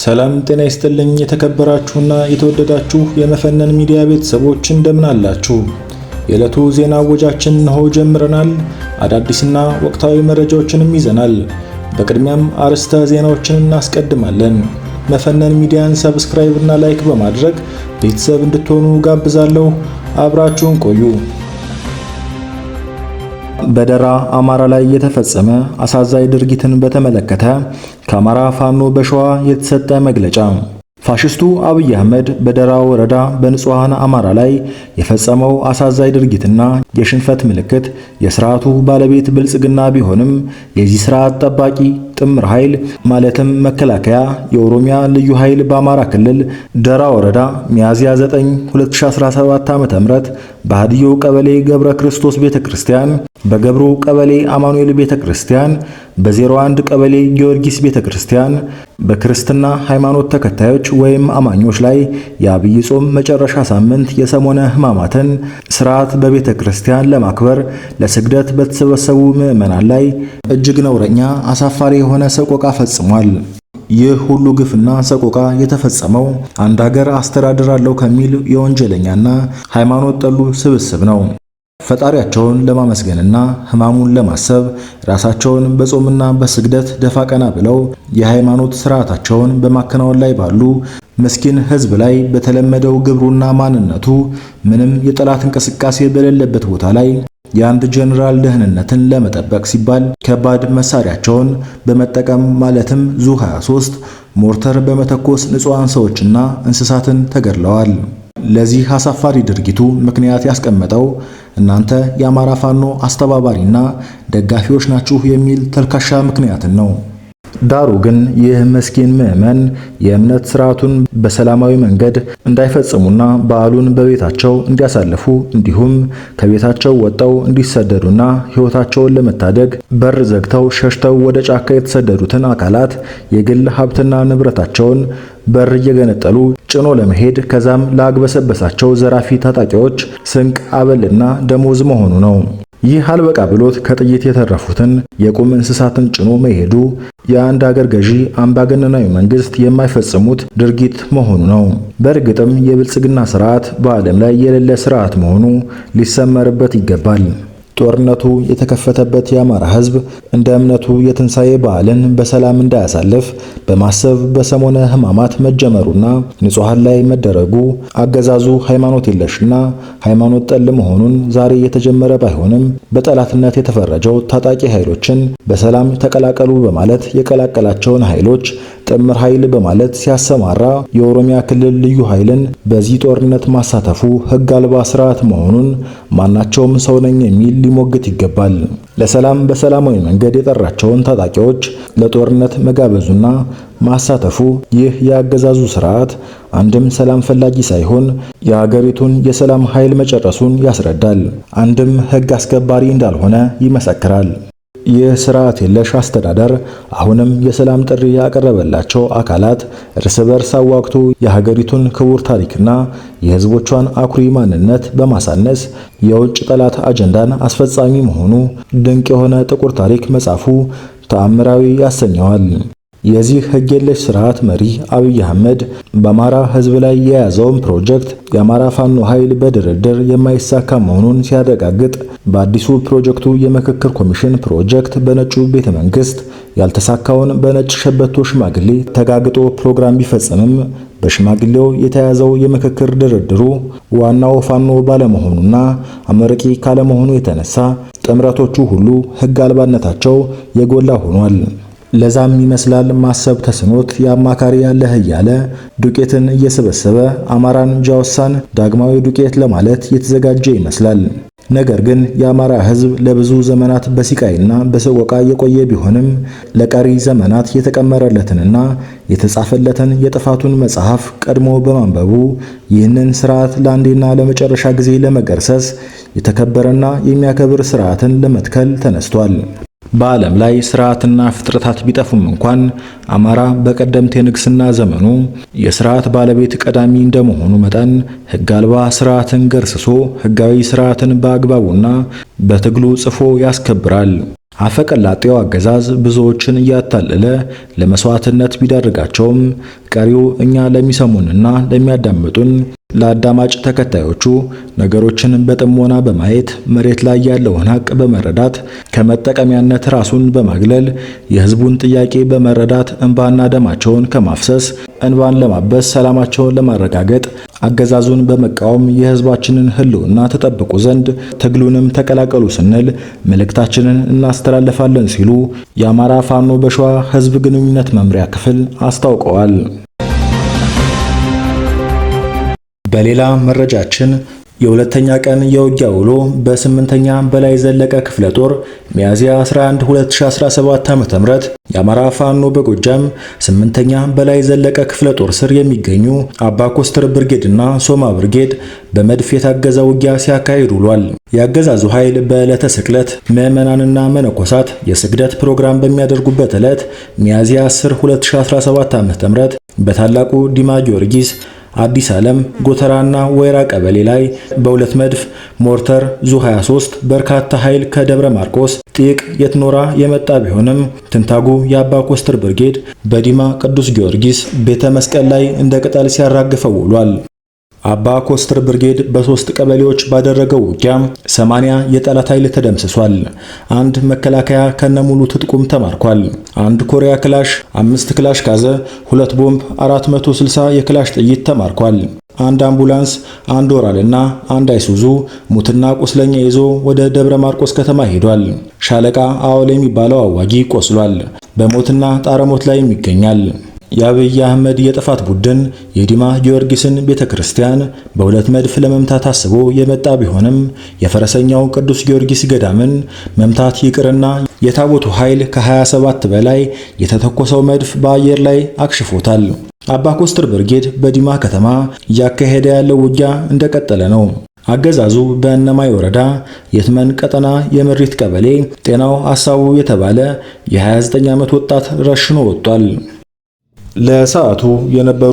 ሰላም ጤና ይስጥልኝ። የተከበራችሁና የተወደዳችሁ የመፈነን ሚዲያ ቤተሰቦች እንደምን አላችሁ? የዕለቱ ዜና ወጃችን እንሆ ጀምረናል። አዳዲስና ወቅታዊ መረጃዎችንም ይዘናል። በቅድሚያም አርዕስተ ዜናዎችን እናስቀድማለን። መፈነን ሚዲያን ሰብስክራይብ እና ላይክ በማድረግ ቤተሰብ እንድትሆኑ ጋብዛለሁ። አብራችሁን ቆዩ። በደራ አማራ ላይ የተፈጸመ አሳዛኝ ድርጊትን በተመለከተ ከአማራ ፋኖ በሸዋ የተሰጠ መግለጫ። ፋሽስቱ አብይ አህመድ በደራ ወረዳ በንጹሐን አማራ ላይ የፈጸመው አሳዛኝ ድርጊትና የሽንፈት ምልክት የስርዓቱ ባለቤት ብልጽግና ቢሆንም የዚህ ስርዓት ጠባቂ ጥምር ኃይል ማለትም መከላከያ፣ የኦሮሚያ ልዩ ኃይል በአማራ ክልል ደራ ወረዳ ሚያዝያ 9 2017 ዓ.ም በሃዲዮ ቀበሌ ገብረ ክርስቶስ ቤተክርስቲያን በገብሩ ቀበሌ አማኑኤል ቤተ ክርስቲያን፣ በ01 ቀበሌ ጊዮርጊስ ቤተ ክርስቲያን በክርስትና ሃይማኖት ተከታዮች ወይም አማኞች ላይ የአብይ ጾም መጨረሻ ሳምንት የሰሞነ ሕማማትን ስርዓት በቤተ ክርስቲያን ለማክበር ለስግደት በተሰበሰቡ ምዕመናን ላይ እጅግ ነውረኛ፣ አሳፋሪ የሆነ ሰቆቃ ፈጽሟል። ይህ ሁሉ ግፍና ሰቆቃ የተፈጸመው አንድ ሀገር አስተዳድራለሁ ከሚል የወንጀለኛና ሃይማኖት ጠሉ ስብስብ ነው። ፈጣሪያቸውን ለማመስገንና ሕማሙን ለማሰብ ራሳቸውን በጾምና በስግደት ደፋ ቀና ብለው የሃይማኖት ስርዓታቸውን በማከናወን ላይ ባሉ ምስኪን ሕዝብ ላይ በተለመደው ግብሩና ማንነቱ ምንም የጠላት እንቅስቃሴ በሌለበት ቦታ ላይ የአንድ ጀነራል ደህንነትን ለመጠበቅ ሲባል ከባድ መሳሪያቸውን በመጠቀም ማለትም ዙ 23 ሞርተር በመተኮስ ንጹሐን ሰዎችና እንስሳትን ተገድለዋል። ለዚህ አሳፋሪ ድርጊቱ ምክንያት ያስቀመጠው እናንተ የአማራ ፋኖ አስተባባሪና ደጋፊዎች ናችሁ የሚል ተልካሻ ምክንያትን ነው። ዳሩ ግን ይህ ምስኪን ምዕመን የእምነት ስርዓቱን በሰላማዊ መንገድ እንዳይፈጽሙና በዓሉን በቤታቸው እንዲያሳልፉ እንዲሁም ከቤታቸው ወጥተው እንዲሰደዱና ሕይወታቸውን ለመታደግ በር ዘግተው ሸሽተው ወደ ጫካ የተሰደዱትን አካላት የግል ሀብትና ንብረታቸውን በር እየገነጠሉ ጭኖ ለመሄድ ከዛም ላግበሰበሳቸው ዘራፊ ታጣቂዎች ስንቅ አበልና ደሞዝ መሆኑ ነው። ይህ አልበቃ ብሎት ከጥይት የተረፉትን የቁም እንስሳትን ጭኖ መሄዱ የአንድ አገር ገዢ አምባገነናዊ መንግስት የማይፈጽሙት ድርጊት መሆኑ ነው። በእርግጥም የብልጽግና ስርዓት በዓለም ላይ የሌለ ስርዓት መሆኑ ሊሰመርበት ይገባል። ጦርነቱ የተከፈተበት የአማራ ህዝብ እንደ እምነቱ የትንሣኤ በዓልን በሰላም እንዳያሳልፍ በማሰብ በሰሞነ ህማማት መጀመሩና ንጹሐን ላይ መደረጉ አገዛዙ ሃይማኖት የለሽና ሃይማኖት ጠል መሆኑን ዛሬ የተጀመረ ባይሆንም በጠላትነት የተፈረጀው ታጣቂ ኃይሎችን በሰላም ተቀላቀሉ በማለት የቀላቀላቸውን ኃይሎች ጥምር ኃይል በማለት ሲያሰማራ የኦሮሚያ ክልል ልዩ ኃይልን በዚህ ጦርነት ማሳተፉ ህግ አልባ ስርዓት መሆኑን ማናቸውም ሰው ነኝ የሚል ሊሞግት ይገባል። ለሰላም በሰላማዊ መንገድ የጠራቸውን ታጣቂዎች ለጦርነት መጋበዙና ማሳተፉ ይህ የአገዛዙ ስርዓት አንድም ሰላም ፈላጊ ሳይሆን የሀገሪቱን የሰላም ኃይል መጨረሱን ያስረዳል፣ አንድም ሕግ አስከባሪ እንዳልሆነ ይመሰክራል። የስርዓት የለሽ አስተዳደር አሁንም የሰላም ጥሪ ያቀረበላቸው አካላት እርስ በርስ አዋግቶ የሀገሪቱን ክቡር ታሪክና የሕዝቦቿን አኩሪ ማንነት በማሳነስ የውጭ ጠላት አጀንዳን አስፈጻሚ መሆኑ ድንቅ የሆነ ጥቁር ታሪክ መጻፉ ተአምራዊ ያሰኘዋል። የዚህ ሕግ የለሽ ስርዓት መሪ አብይ አህመድ በአማራ ሕዝብ ላይ የያዘውን ፕሮጀክት የአማራ ፋኖ ኃይል በድርድር የማይሳካ መሆኑን ሲያረጋግጥ በአዲሱ ፕሮጀክቱ የምክክር ኮሚሽን ፕሮጀክት በነጩ ቤተ መንግስት ያልተሳካውን በነጭ ሸበቶ ሽማግሌ ተጋግጦ ፕሮግራም ቢፈጽምም። በሽማግሌው የተያዘው የምክክር ድርድሩ ዋናው ፋኖ ባለመሆኑና አመርቂ ካለመሆኑ የተነሳ ጥምረቶቹ ሁሉ ህግ አልባነታቸው የጎላ ሆኗል። ለዛም ይመስላል ማሰብ ተስኖት የአማካሪ ያለህ እያለ ዱቄትን እየሰበሰበ አማራን ጃወሳን ዳግማዊ ዱቄት ለማለት የተዘጋጀ ይመስላል። ነገር ግን የአማራ ሕዝብ ለብዙ ዘመናት በሲቃይና በሰቆቃ የቆየ ቢሆንም ለቀሪ ዘመናት የተቀመረለትንና የተጻፈለትን የጥፋቱን መጽሐፍ ቀድሞ በማንበቡ ይህንን ስርዓት ለአንዴና ለመጨረሻ ጊዜ ለመገርሰስ የተከበረና የሚያከብር ስርዓትን ለመትከል ተነስቷል። በዓለም ላይ ስርዓትና ፍጥረታት ቢጠፉም እንኳን አማራ በቀደምት የንግስና ዘመኑ የስርዓት ባለቤት ቀዳሚ እንደመሆኑ መጠን ህግ አልባ ስርዓትን ገርስሶ ህጋዊ ስርዓትን በአግባቡና በትግሉ ጽፎ ያስከብራል። አፈቀላጤው አገዛዝ ብዙዎችን እያታለለ ለመስዋዕትነት ቢዳርጋቸውም ቀሪው እኛ ለሚሰሙንና ለሚያዳምጡን ለአዳማጭ ተከታዮቹ ነገሮችን በጥሞና በማየት መሬት ላይ ያለውን ሀቅ በመረዳት ከመጠቀሚያነት ራሱን በማግለል የሕዝቡን ጥያቄ በመረዳት እንባና ደማቸውን ከማፍሰስ እንባን ለማበስ ሰላማቸውን ለማረጋገጥ አገዛዙን በመቃወም የሕዝባችንን ሕልውና ተጠብቁ ዘንድ ትግሉንም ተቀላቀሉ ስንል መልእክታችንን እናስተላልፋለን ሲሉ የአማራ ፋኖ በሸዋ ሕዝብ ግንኙነት መምሪያ ክፍል አስታውቀዋል። በሌላ መረጃችን የሁለተኛ ቀን የውጊያ ውሎ በስምንተኛ በላይ ዘለቀ ክፍለ ጦር ሚያዝያ 11 2017 ም የአማራ ፋኖ በጎጃም ስምንተኛ በላይ ዘለቀ ክፍለ ጦር ስር የሚገኙ አባ ኮስተር ብርጌድና ሶማ ብርጌድ በመድፍ የታገዘ ውጊያ ሲያካሂድ ውሏል። የአገዛዙ ኃይል በዕለተ ስቅለት ምዕመናንና መነኮሳት የስግደት ፕሮግራም በሚያደርጉበት ዕለት ሚያዝያ 10 2017 ዓ.ም በታላቁ ዲማ ጊዮርጊስ አዲስ ዓለም ጎተራና ወይራ ቀበሌ ላይ በሁለት መድፍ ሞርተር ዙ 23 በርካታ ኃይል ከደብረ ማርቆስ ጥቅ የትኖራ የመጣ ቢሆንም ትንታጉ የአባ ኮስተር ብርጌድ በዲማ ቅዱስ ጊዮርጊስ ቤተ መስቀል ላይ እንደ ቅጠል ሲያራግፈው ውሏል። አባ ኮስትር ብርጌድ በሶስት ቀበሌዎች ባደረገው ውጊያ 80 የጠላት ኃይል ተደምስሷል። አንድ መከላከያ ከነሙሉ ትጥቁም ተማርኳል። አንድ ኮሪያ ክላሽ፣ አምስት ክላሽ ካዘ፣ ሁለት ቦምብ፣ 460 የክላሽ ጥይት ተማርኳል። አንድ አምቡላንስ፣ አንድ ወራልና አንድ አይሱዙ ሙትና ቁስለኛ ይዞ ወደ ደብረ ማርቆስ ከተማ ሄዷል። ሻለቃ አወል የሚባለው አዋጊ ቆስሏል። በሞትና ጣረሞት ላይም ይገኛል። የአብይ አህመድ የጥፋት ቡድን የዲማ ጊዮርጊስን ቤተ ክርስቲያን በሁለት መድፍ ለመምታት አስቦ የመጣ ቢሆንም የፈረሰኛው ቅዱስ ጊዮርጊስ ገዳምን መምታት ይቅርና የታቦቱ ኃይል ከ27 በላይ የተተኮሰው መድፍ በአየር ላይ አክሽፎታል። አባ ኮስትር ብርጌድ በዲማ ከተማ እያካሄደ ያለው ውጊያ እንደቀጠለ ነው። አገዛዙ በእነማይ ወረዳ የትመን ቀጠና የምሪት ቀበሌ ጤናው አሳቡ የተባለ የ29 ዓመት ወጣት ረሽኖ ወጥቷል። ለሰዓቱ የነበሩ